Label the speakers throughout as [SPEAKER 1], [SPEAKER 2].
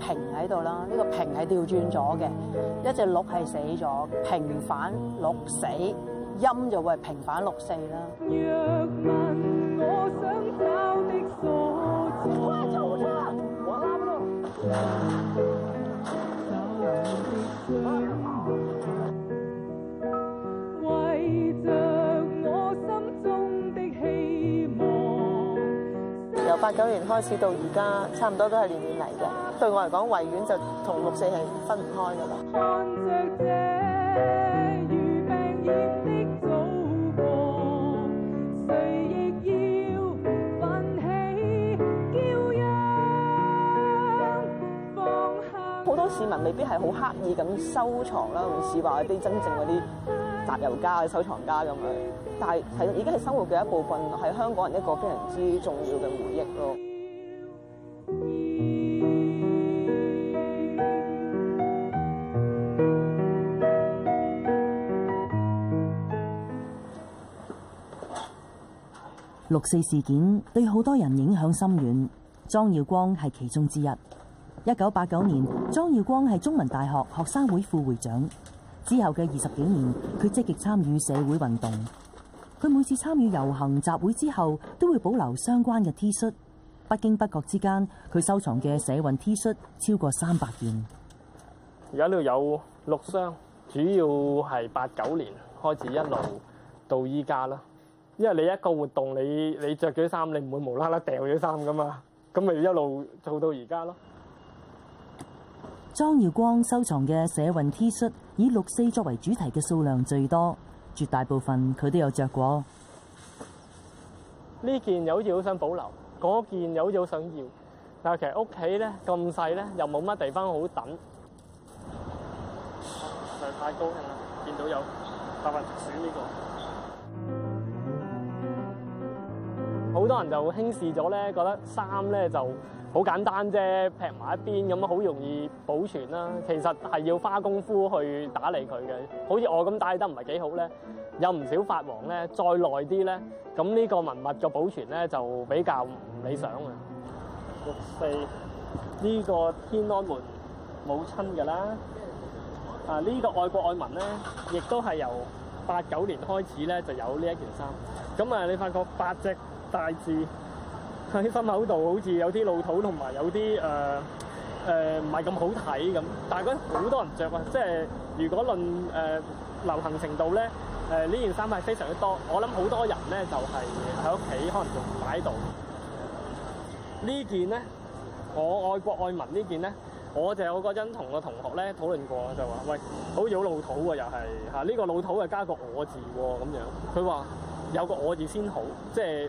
[SPEAKER 1] 平喺度啦，呢、這個平係調轉咗嘅，一隻鹿係死咗，平反六死，音就會平反六四啦。若問我我想找的為着我心中的希
[SPEAKER 2] 望，由八九年開始到而家，差唔多都係年年嚟嘅。對我嚟講，維園就同六
[SPEAKER 1] 四係分唔開噶啦。好多
[SPEAKER 2] 市民未必係好刻意咁收藏啦，唔似話啲真正嗰啲集郵家、收藏家咁樣，但係係已經係生活嘅一部分，係香港人一個非常之重要嘅
[SPEAKER 3] 回憶咯。
[SPEAKER 1] 六四事件對好多人影響深遠，莊耀洸係其中之一。一九八九年，莊耀洸係中文大學學生會副會長。之後嘅二十幾年，佢積極參與社會運動。佢每次參與遊行集會之後，都會保留相關嘅 T 恤。不經不覺之間，佢收藏嘅社運 T 恤超過三百件。
[SPEAKER 4] 而家呢度有六箱。主要係八九年開始一路到依家啦。因為你一個活動，你你着咗啲衫，你唔會無啦啦掉咗衫㗎嘛，咁咪一路做到而家咯。
[SPEAKER 1] 莊耀洸收藏嘅社運 T 恤以六四作為主題嘅數量最多，絕大部分佢都有着過。
[SPEAKER 4] 呢件又好似好想保留，嗰件又好似好想要，但係其實屋企咧咁細咧，又冇乜地方好等。就太高啦，見到有白雲選呢個。好多人就輕視咗咧，覺得衫咧就好簡單啫，撇埋一邊咁啊，好容易保存啦、啊。其實係要花功夫去打理佢嘅。好似我咁帶得唔係幾好咧，有唔少發黃咧，再耐啲咧，咁呢個文物嘅保存咧就比較唔理想啊。六四呢、呢個天安門母親嘅啦，啊呢、呢個愛國愛民咧，亦都係由八九年開始咧就有呢一件衫。咁啊，你發覺八隻大字喺心口度，好似有啲老土同埋有啲誒，誒、呃，唔係咁好睇咁。但係嗰啲好多人着啊，即係如果論誒、呃、流行程度咧，誒、呃，呢件衫係非常之多。我諗好多人咧就係喺屋企可能仲擺度。件呢件咧，我愛國愛民呢件咧，我就有個陣同個同學咧討論過，就話：喂，好似好老土啊，又係吓，呢、啊這個老土啊加個我字喎、啊、咁樣。佢話：有個我字先好，即係。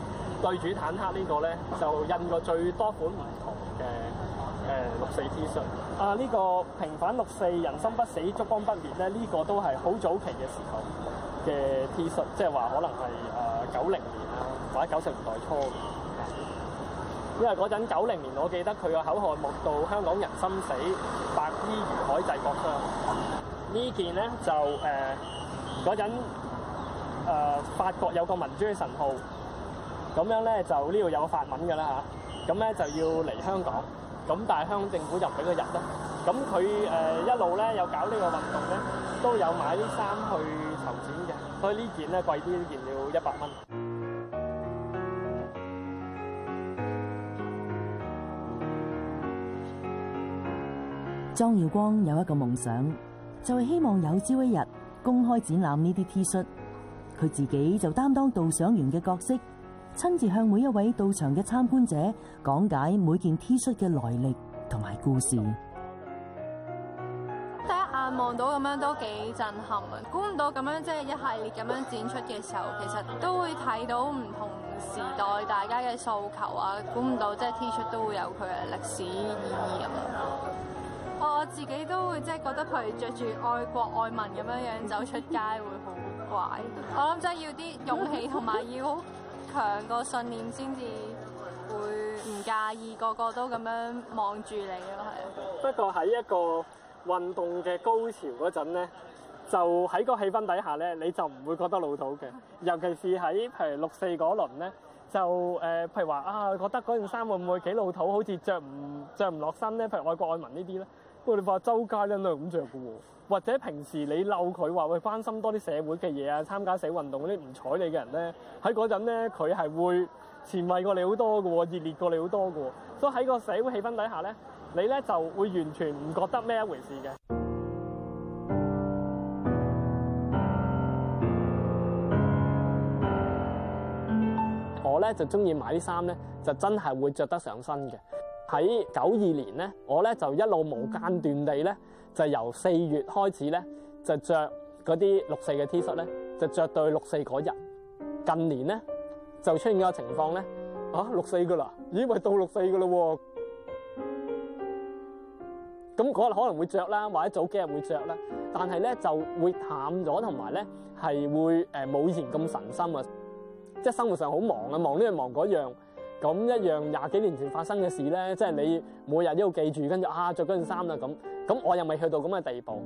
[SPEAKER 4] 對住坦克個呢個咧，就印過最多款唔同嘅誒、呃、六四 T 恤。啊，呢、這個平反六四，人心不死，燭光不滅咧，呢、這個都係好早期嘅時候嘅 T 恤，即係話可能係誒九零年啊，或者九十年代初嘅。因為嗰陣九零年，我記得佢個口號，目到香港人心死，白衣如海祭國殤」呢。呢件咧就誒嗰陣法國有個民主嘅神號。咁樣咧就呢度有法文嘅啦嚇，咁咧就要嚟香港。咁但係香港政府就唔俾佢入啦。咁佢誒一路咧有搞呢個運動咧，都有買啲衫去籌錢嘅，所以呢件咧貴啲，呢件要一百蚊。
[SPEAKER 1] 莊耀洸有一個夢想，就係希望有朝一日公開展覽呢啲 T 恤，佢自己就擔當導賞員嘅角色。親自向每一位到場嘅參觀者講解每件 T 恤嘅來歷同埋故事。
[SPEAKER 2] 第一眼望到咁樣都幾震撼啊！估唔到咁樣即係、就是、一系列咁樣展出嘅時候，其實都會睇到唔同時代大家嘅訴求啊！估唔到即係 T 恤都會有佢嘅歷史意義咁。我自己都會即係覺得佢着住愛國愛民咁樣樣走出街會好怪。我諗真係要啲勇氣同埋要。強個信念先至會唔介意，個個都咁樣望住你咯，係啊。
[SPEAKER 4] 不過喺一個運動嘅高潮嗰陣咧，就喺個氣氛底下咧，你就唔會覺得老土嘅。尤其是喺譬如六四嗰輪咧，就誒、呃，譬如話啊，覺得嗰件衫會唔會幾老土，好似着唔着唔落身咧？譬如愛國愛民呢啲咧。我哋話周街人都係咁著㗎喎，或者平時你鬧佢話喂，關心多啲社會嘅嘢啊，參加社運動嗰啲唔睬你嘅人咧，喺嗰陣咧，佢係會前衞過你好多㗎喎，熱烈過你好多㗎喎，所以喺個社會氣氛底下咧，你咧就會完全唔覺得咩一回事嘅。 我咧就中意買啲衫咧，就真係會着得上身嘅。喺九二年咧，我咧就一路無間斷地咧，就由四月開始咧，就着嗰啲六四嘅 T 恤咧，就着到六四嗰日。近年咧就出現咗個情況咧，啊六四㗎啦，已經到六四㗎啦喎。咁嗰日可能會着啦，或者早幾日會着啦，但係咧就會淡咗，同埋咧係會誒冇、呃、以前咁神心啊，即係生活上好忙啊，忙呢樣忙嗰樣。咁一樣廿幾年前發生嘅事咧，即係你每日都要記住，跟住啊着嗰件衫啦咁。咁我又未去到咁嘅地步。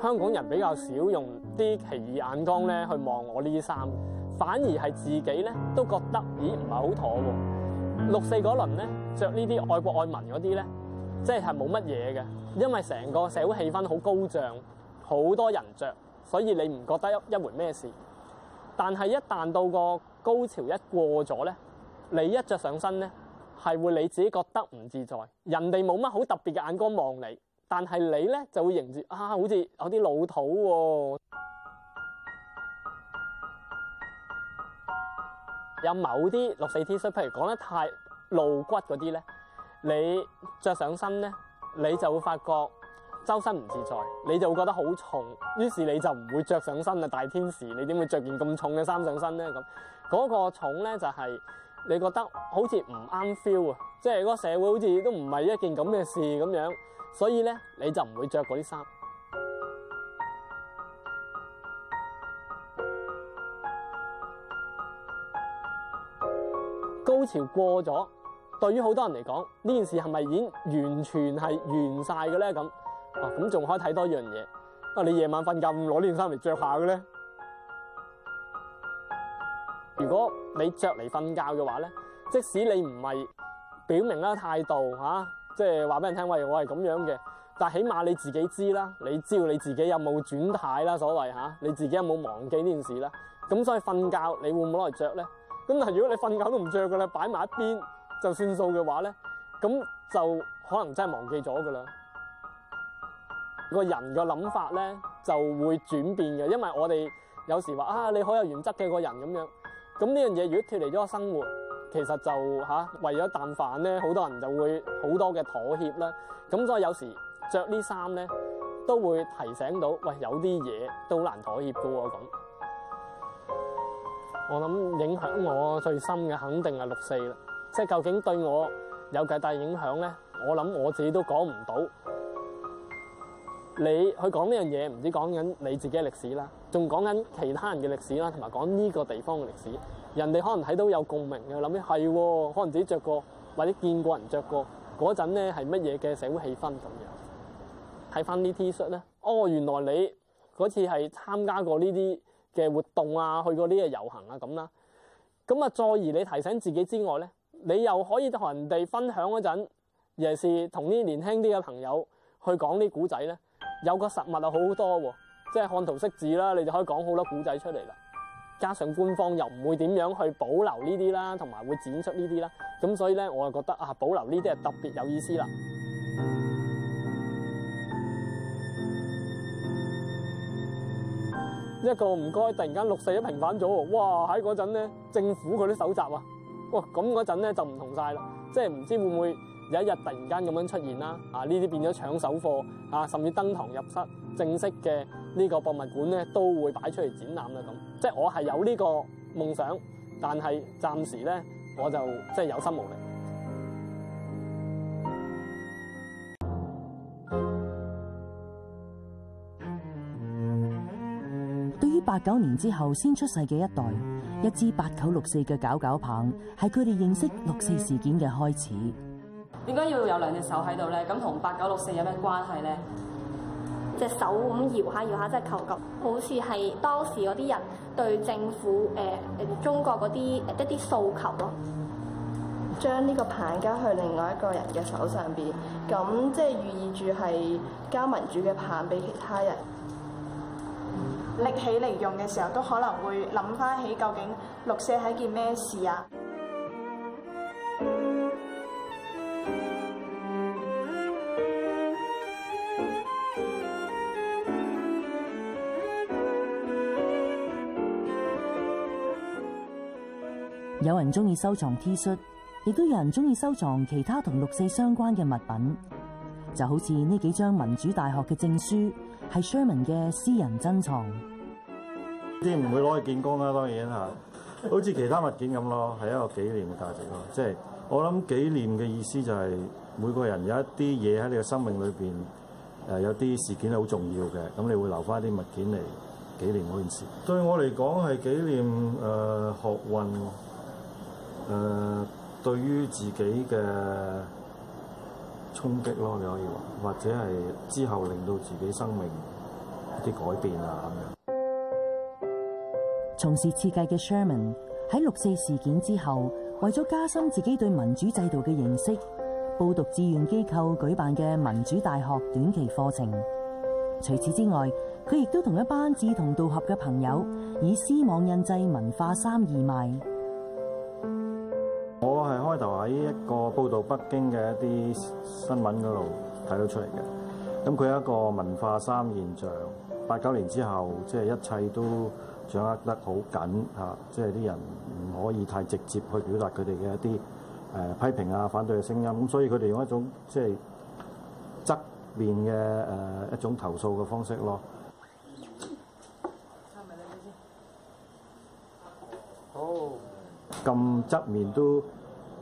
[SPEAKER 4] 香港人比較少用啲奇異眼光咧去望我呢啲衫，反而係自己咧都覺得咦唔係好妥喎。六四嗰輪咧着呢啲愛國愛民嗰啲咧，即係係冇乜嘢嘅，因為成個社會氣氛好高漲，好多人着，所以你唔覺得一一回咩事。但係一旦到個高潮一過咗咧。你一着上身咧，係會你自己覺得唔自在。人哋冇乜好特別嘅眼光望你，但係你咧就會認住啊，好似有啲老土喎、哦。 有某啲六四 T 恤，譬如講得太露骨嗰啲咧，你着上身咧，你就會發覺周身唔自在，你就會覺得好重。於是你就唔會着上身啊！大天使，你點會着件咁重嘅衫上身咧？咁、那、嗰個重咧就係、是。你覺得好似唔啱 feel 啊，即係個社會好似都唔係一件咁嘅事咁樣，所以呢，你就唔會着嗰啲衫。 高潮過咗，對於好多人嚟講，呢件事係咪已經完全係完晒嘅咧？咁啊，咁仲可以睇多樣嘢。啊，嗯、你夜晚瞓覺唔攞呢件衫嚟着下嘅咧？如果你着嚟瞓覺嘅話咧，即使你唔係表明啦態度，吓、啊、即係話俾人聽喂，我係咁樣嘅，但起碼你自己知啦，你知道你自己有冇轉態啦，所謂吓、啊、你自己有冇忘記呢件事啦。咁所以瞓覺你會唔會攞嚟着呢？咁但如果你瞓覺都唔着噶啦，擺埋一邊就算數嘅話呢，咁就可能真係忘記咗噶啦。那個人嘅諗法呢就會轉變嘅，因為我哋有時話啊，你好有原則嘅個人咁樣。咁呢樣嘢如果脫離咗生活，其實就吓、啊、為咗啖飯呢，好多人就會好多嘅妥協啦。咁所以有時着呢衫咧，都會提醒到喂，有啲嘢都很難妥協噶喎、哦、我諗影響我最深嘅肯定係六四啦，即究竟對我有幾大影響呢？我諗我自己都講唔到。你去講呢樣嘢，唔止講緊你自己嘅歷史啦，仲講緊其他人嘅歷史啦，同埋講呢個地方嘅歷史。人哋可能睇到有共鳴嘅，諗起係可能自己着過或者見過人着過嗰陣咧，係乜嘢嘅社會氣氛咁樣睇翻啲 T-shirt 咧。哦，原來你嗰次係參加過呢啲嘅活動啊，去過呢啲遊行啊咁啦。咁啊，再而你提醒自己之外咧，你又可以同人哋分享嗰陣，尤其是同啲年輕啲嘅朋友去講呢古仔咧。有個實物啊，好多喎，即係看圖識字啦，你就可以講好多古仔出嚟啦。加上官方又唔會點樣去保留呢啲啦，同埋會展出呢啲啦。咁所以咧，我就覺得啊，保留呢啲係特別有意思啦。 一個唔該，突然間六四一平反咗，哇！喺嗰陣咧，政府佢啲蒐集啊，哇！咁嗰陣咧就唔同曬啦，即係唔知會唔會。有一日突然間咁樣出現啦，啊呢啲變咗搶手貨，啊甚至登堂入室，正式嘅呢個博物館咧都會擺出嚟展覽嘅咁。即係我係有呢個夢想，但係暫時咧我就即係有心無力。
[SPEAKER 1] 對於八九年之後先出世嘅一代，一支八九六四嘅搞搞棒係佢哋認識六四事件嘅開始。
[SPEAKER 2] 點解要有兩隻手喺度咧？咁同八九六四有咩關係咧？隻手咁搖下搖下，即係求救，好似係當時嗰啲人對政府誒誒、呃、中國嗰啲一啲訴求咯。將呢個棒交去另外一個人嘅手上邊，咁即係寓意住係交民主嘅棒俾其他人。嗯、拎起嚟用嘅時候，都可能會諗翻起究竟六四係件咩事啊？
[SPEAKER 1] 有人中意收藏 T 恤，亦都有人中意收藏其他同六四相關嘅物品，就好似呢幾張民主大學嘅證書係 Sherman 嘅私人珍藏。
[SPEAKER 3] 啲唔會攞去見工啦，當然吓， 好似其他物件咁咯，係一個紀念嘅價值咯。即、就、係、是、我諗紀念嘅意思就係、是、每個人有一啲嘢喺你嘅生命裏邊誒，有啲事件係好重要嘅，咁你會留翻啲物件嚟紀念嗰件事。對我嚟講係紀念誒、呃、學運。誒、呃、對於自己嘅衝擊咯，你可以話，或者係之後令到自己生命一啲改變啊咁樣。
[SPEAKER 1] 從事設計嘅 Sherman 喺六四事件之後，為咗加深自己對民主制度嘅認識，報讀志願機構舉辦嘅民主大學短期課程。除此之外，佢亦都同一班志同道合嘅朋友，以絲網印製文化衫義賣。
[SPEAKER 3] 喺一個報道北京嘅一啲新聞嗰度睇到出嚟嘅，咁佢有一個文化三現象，八九年之後，即係一切都掌握得好緊嚇，即係啲人唔可以太直接去表達佢哋嘅一啲誒批評啊、反對嘅聲音，咁所以佢哋用一種即係側面嘅誒一種投訴嘅方式咯。好，咁側面都。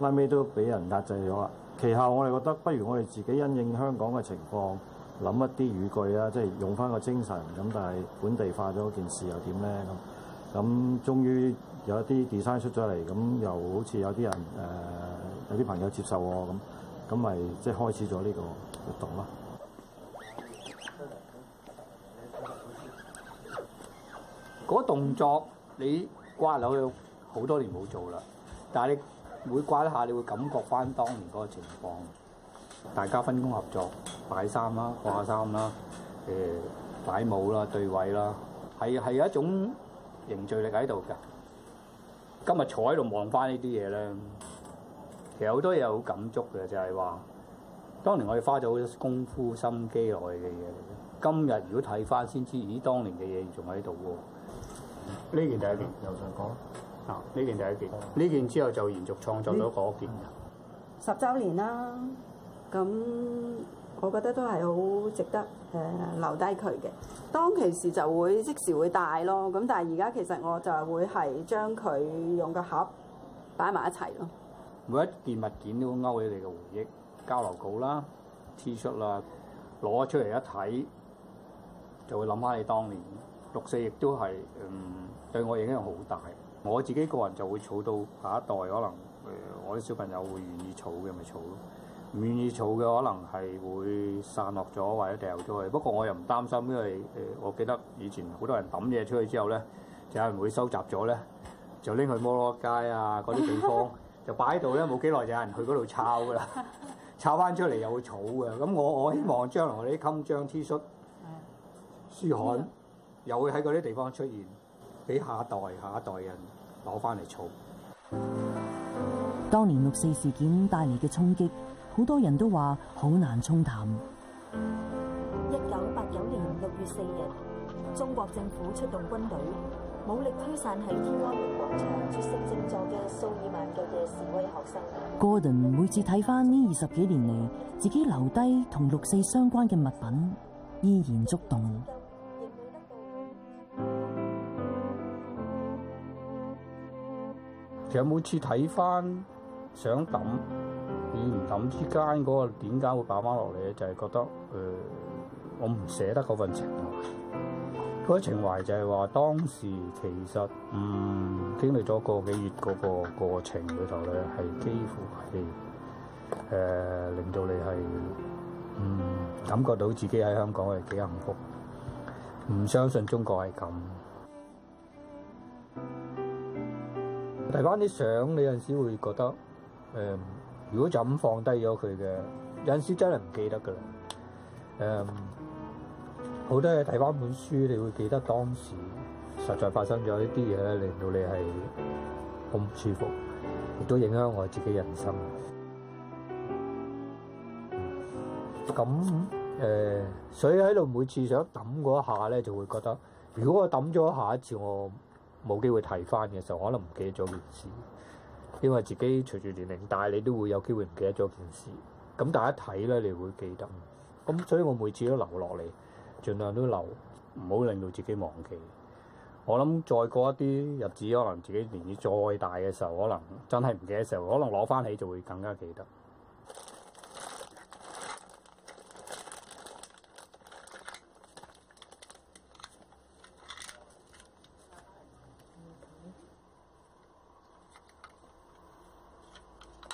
[SPEAKER 3] 拉尾都俾人壓制咗啦。其後我哋覺得不如我哋自己因應香港嘅情況，諗一啲語句啊，即係用翻個精神咁。但係本地化咗件事又點咧？咁咁，終於有一啲 design 出咗嚟，咁又好似有啲人誒、呃，有啲朋友接受我咁，咁咪即係開始咗呢個活動咯。
[SPEAKER 5] 嗰動作你掛留去好多年冇做啦，但係你。每掛一下，你會感覺翻當年嗰個情況，大家分工合作，擺衫啦、掛衫啦、誒擺，擺帽啦、呃、對位啦，係係有一種凝聚力喺度㗎。今日坐喺度望翻呢啲嘢咧，其實好多嘢好感觸嘅，就係話當年我哋花咗好多功夫心機落去嘅嘢嚟。今日如果睇翻先知，咦，當年嘅嘢仲喺度喎。呢件第一段又想講。呢、啊、件第一件，呢件之後就連續創作咗嗰件、嗯、
[SPEAKER 3] 十週年啦。咁
[SPEAKER 2] 我覺得都係好值得誒留低佢嘅。當其時就會即時會戴咯。咁但係而家其實我就會係將佢用個盒擺埋
[SPEAKER 1] 一齊咯。
[SPEAKER 5] 每一件物件都勾起你嘅回憶，交流稿啦、t 恤 h i r 啦，攞出嚟一睇就會諗下你當年六四亦都係嗯對我影響好大。我自己個人就會儲到下一代，可能誒我啲小朋友會願意儲嘅咪儲咯，唔願意儲嘅可能係會散落咗或者掉咗去。不過我又唔擔心，因為誒我記得以前好多人抌嘢出去之後咧，就有人會收集咗咧，就拎去摩羅街啊嗰啲地方，就擺喺度咧冇幾耐就有人去嗰度抄㗎啦，抄翻出嚟又會儲嘅。咁我我希望將來啲襟章、T 恤、書函又會喺嗰啲地方出現。俾下一代、下一代人攞翻嚟儲。
[SPEAKER 1] 當年六四事件帶嚟嘅衝擊，好多人都話好難沖淡。一九八九年六月四日，中國政府出動軍隊，武力驅散喺天安門廣場絕食靜坐嘅數以萬計嘅示威學生。戈登每次睇翻呢二十幾年嚟自己留低同六四相關嘅物品，依然觸動。
[SPEAKER 5] 其實每次睇翻想抌與唔抌之間嗰個點解會擺翻落嚟，就係覺得誒，我唔捨得嗰份情懷。嗰啲情懷就係話當時其實嗯經歷咗個幾月嗰個過程裏頭咧，係幾乎係誒令到你係嗯感覺到自己喺香港係幾幸福，唔相信中國係咁。睇翻啲相，你有陣時會覺得，誒、嗯，如果就咁放低咗佢嘅，有陣時真係唔記得噶啦。誒、嗯，好多嘢睇翻本書，你會記得當時實在發生咗呢啲嘢咧，令到你係好唔舒服，亦都影響我自己人生。咁、嗯、誒、嗯，所以喺度每次想抌嗰一下咧，就會覺得，如果我抌咗下一次我冇機會提翻嘅時候，可能唔記得咗件事，因為自己隨住年齡大，你都會有機會唔記得咗件事。咁大家睇咧，你會記得。咁所以我每次都留落嚟，盡量都留，唔好令到自己忘記。我諗再過一啲日子，可能自己年紀再大嘅時候，可能真係唔記得嘅時候，可能攞翻起就會更加記得。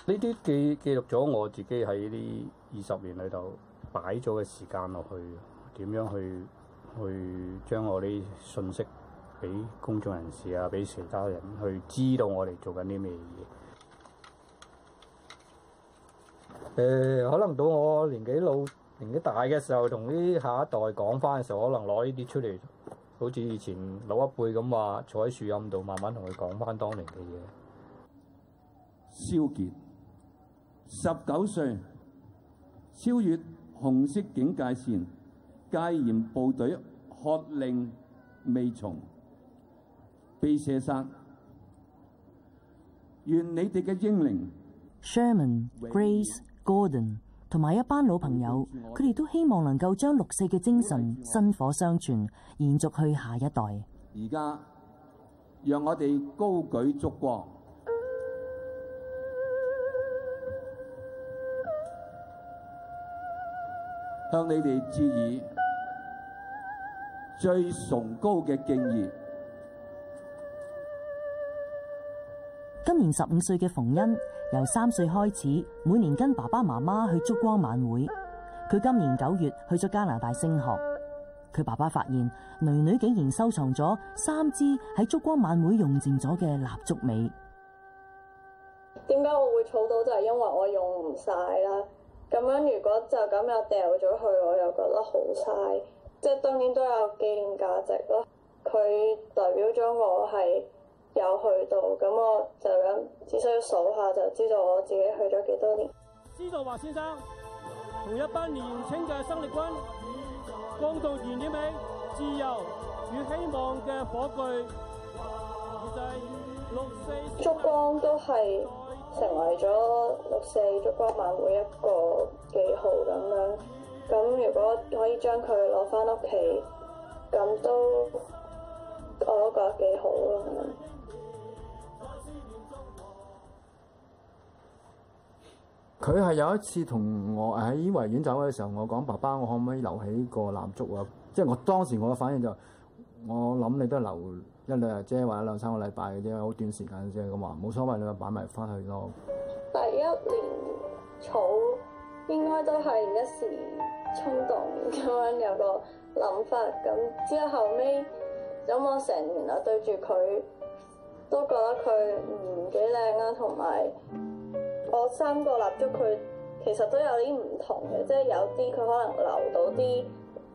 [SPEAKER 5] 呢啲記記錄咗我自己喺呢二十年裏頭擺咗嘅時間落去，點樣去去將我啲信息俾公眾人士啊，俾其他人去知道我哋做緊啲咩嘢？誒、呃，可能到我年紀老、年紀大嘅時候，同啲下一代講翻嘅時候，可能攞呢啲出嚟，好似以前老一輩咁話，坐喺樹蔭度慢慢同佢講翻當年嘅嘢。蕭傑。十九歲超越紅色警戒線，戒嚴部隊喝令未從，被射殺。願你哋嘅
[SPEAKER 1] 英靈 Sherman、Grace、Gordon 同埋一班老朋友，佢哋都希望能夠將六四嘅精神薪火相傳，延續去下一代。
[SPEAKER 5] 而家，讓我哋高舉燭光。向你哋致以最崇高嘅敬意。
[SPEAKER 1] 今年十五歲嘅馮欣，由三歲開始，每年跟爸爸媽媽去燭光晚會。佢今年九月去咗加拿大升學。佢爸爸發現囡囡竟然收藏咗三支喺燭光晚會用淨咗嘅蠟燭尾。
[SPEAKER 2] 點解我會儲到？就係因為我用唔晒啦。咁樣如果就咁又掉咗去，我又覺得好嘥。即係當然都有紀念價值咯。佢代表咗我係有去到，咁我就咁只需要數下就知道我自己去咗幾多年。
[SPEAKER 4] 司徒華先生，
[SPEAKER 2] 同
[SPEAKER 5] 一班年
[SPEAKER 4] 青嘅生力軍，光度燃點尾，自由與希望嘅
[SPEAKER 2] 火炬，六四燭光都係，成為咗六四燭光晚會一個記號咁樣，咁如果可以將佢攞翻屋企，咁都我覺得幾好咯。
[SPEAKER 5] 佢係有一次同我喺維園走嘅時候，我講：爸爸，我可唔可以留起個蠟燭啊？即係我當時我嘅反應就係，我諗你都留。一兩日啫，或者兩三個禮拜嘅啫，好短時間啫。咁話冇所謂，你咪擺埋翻去咯。
[SPEAKER 2] 第一年草，應該都係一時衝動咁樣有個諗法，咁之後後尾，咁我成年啦對住佢，都覺得佢唔幾靚呀，同埋我三個蠟燭佢其實都有啲唔同嘅，即係有啲佢可能留到啲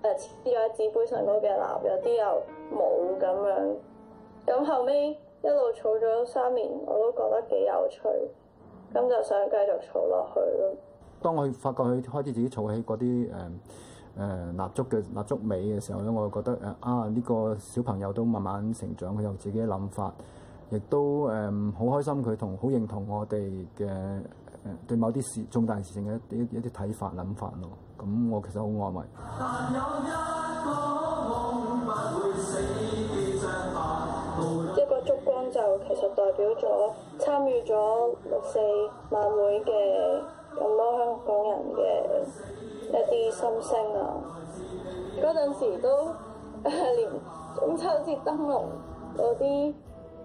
[SPEAKER 2] 誒滴喺紙杯上高嘅蠟，有啲又冇咁樣。咁後尾一路儲
[SPEAKER 5] 咗三年，我都覺得幾有趣，咁就想繼續儲落去咯。當我發覺佢開始自己儲起嗰啲誒誒蠟燭嘅蠟燭尾嘅時候咧，我就覺得誒、呃、啊呢、呢個小朋友都慢慢成長，佢有自己嘅諗法，亦都誒好、呃、開心佢同好認同我哋嘅誒對某啲事重大事情嘅一啲一啲睇法諗法咯。咁我
[SPEAKER 3] 其實好安慰。
[SPEAKER 2] 但有
[SPEAKER 1] 一個夢
[SPEAKER 2] 燭光就其實代表咗參與咗六四晚會嘅咁多香港人嘅一啲心聲啊！嗰陣時都連中秋節燈籠嗰啲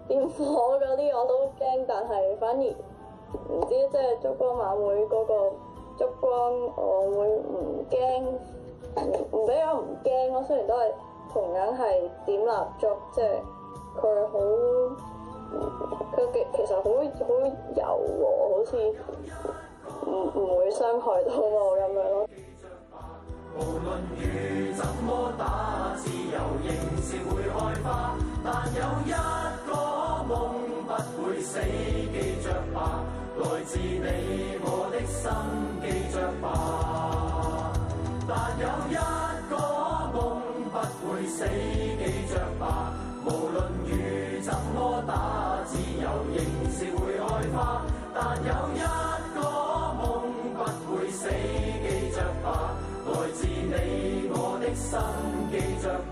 [SPEAKER 2] 點火嗰啲我都驚，但係反而唔知即係燭光晚會嗰個燭光，我會唔驚？唔俾我唔驚我雖然都係同樣係點蠟燭，即係。佢好，佢嘅其實好好柔和，好似唔唔會傷害到我咁樣。雨怎麼打，自由仍是會開花，但有一個夢不會死，記着吧，來自你我的心，記着。